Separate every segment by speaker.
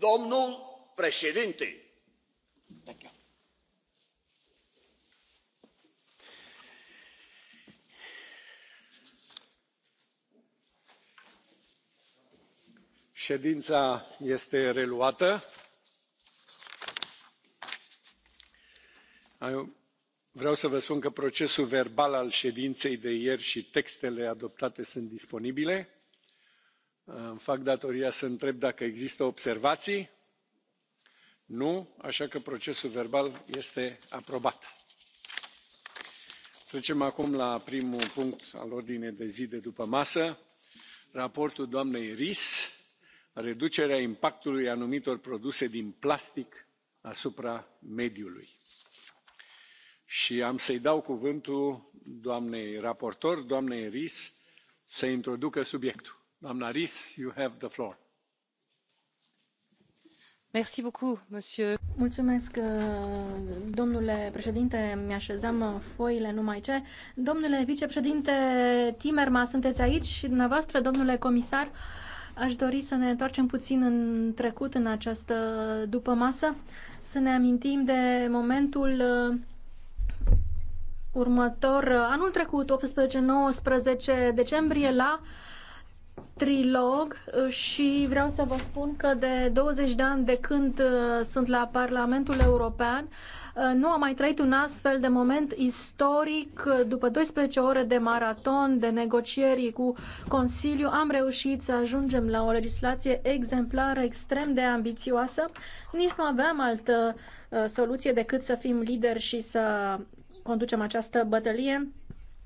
Speaker 1: domnul președinte
Speaker 2: ședința este reluată. vreau să vă spun că procesul verbal al ședinței de ieri și textele adoptate sunt disponibile îmi fac datoria să întreb dacă există observații. nu așa că procesul verbal este aprobat. trecem acum la primul punct al ordinii de zi de după masă raportul doamnei ries reducerea impactului anumitor produse din plastic asupra mediului și am să i dau cuvântul doamnei raportor doamnei ries să introducă subiectul doamnă ries you have the
Speaker 3: floor. Mulțumesc, uh, domnule președinte, mi-așezam uh, foile numai ce. Domnule vicepreședinte Timmermans, sunteți aici și dumneavoastră, domnule comisar, aș dori să ne întoarcem puțin în trecut, în această după masă, să ne amintim de momentul uh, următor, anul trecut, 18-19 decembrie, la trilog uh, și vreau să vă spun că de 20 de ani de când uh, sunt la Parlamentul European uh, nu am mai trăit un astfel de moment istoric. După 12 ore de maraton, de negocieri cu Consiliu, am reușit să ajungem la o legislație exemplară, extrem de ambițioasă. Nici nu aveam altă soluție decât să fim lideri și să conducem această bătălie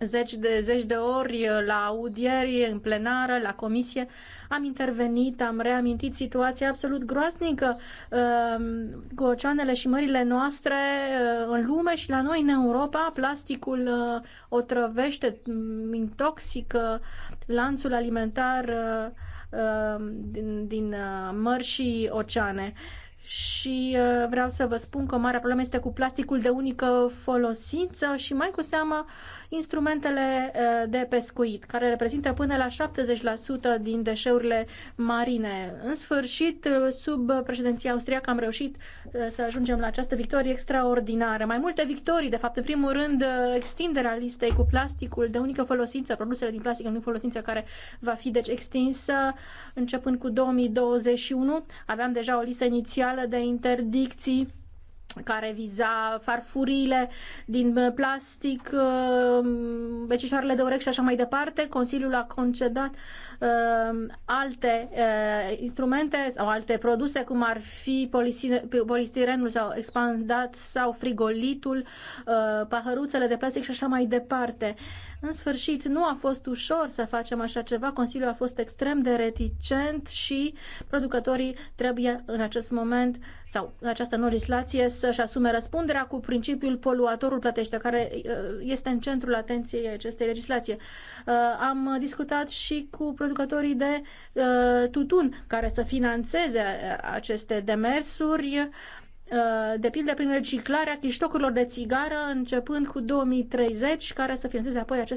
Speaker 3: zeci de, zeci de ori uh, la audieri, în plenară, la comisie, am intervenit, am reamintit situația absolut groaznică um, cu oceanele și mările noastre uh, în lume și la noi în Europa. Plasticul uh, otrăvește, mm, intoxică lanțul alimentar din, din mări și oceane și vreau să vă spun că marea problemă este cu plasticul de unică folosință și mai cu seamă instrumentele uh, de pescuit, care reprezintă până la 70% din deșeurile marine. În sfârșit, uh, sub președinția austriacă am reușit uh, să ajungem la această victorie extraordinară. Mai multe victorii, de fapt, în primul rând, extinderea listei cu plasticul de unică folosință, produsele din plastic în unică folosință care va fi deci extinsă începând cu 2021. Aveam deja o listă inițială de interdicții care viza farfurile din uh, plastic, uh, becișoarele de urechi și așa mai departe. Consiliul a concedat uh, alte instrumente sau alte produse, cum ar fi polistirenul sau expandat sau frigolitul, paharuțele de plastic și așa mai departe. În sfârșit, nu a fost ușor să facem așa ceva, Consiliul a fost extrem de reticent și producătorii trebuie în acest moment sau în această nouă legislație să-și asume răspunderea cu principiul poluatorul plătește, care uh, este în centrul atenției acestei legislații. Uh, am discutat și cu producătorii de uh, tutun care să financeze aceste demersuri Uh, de pildă prin reciclarea chiștocurilor de țigară începând cu 2030, care să finanțeze apoi acest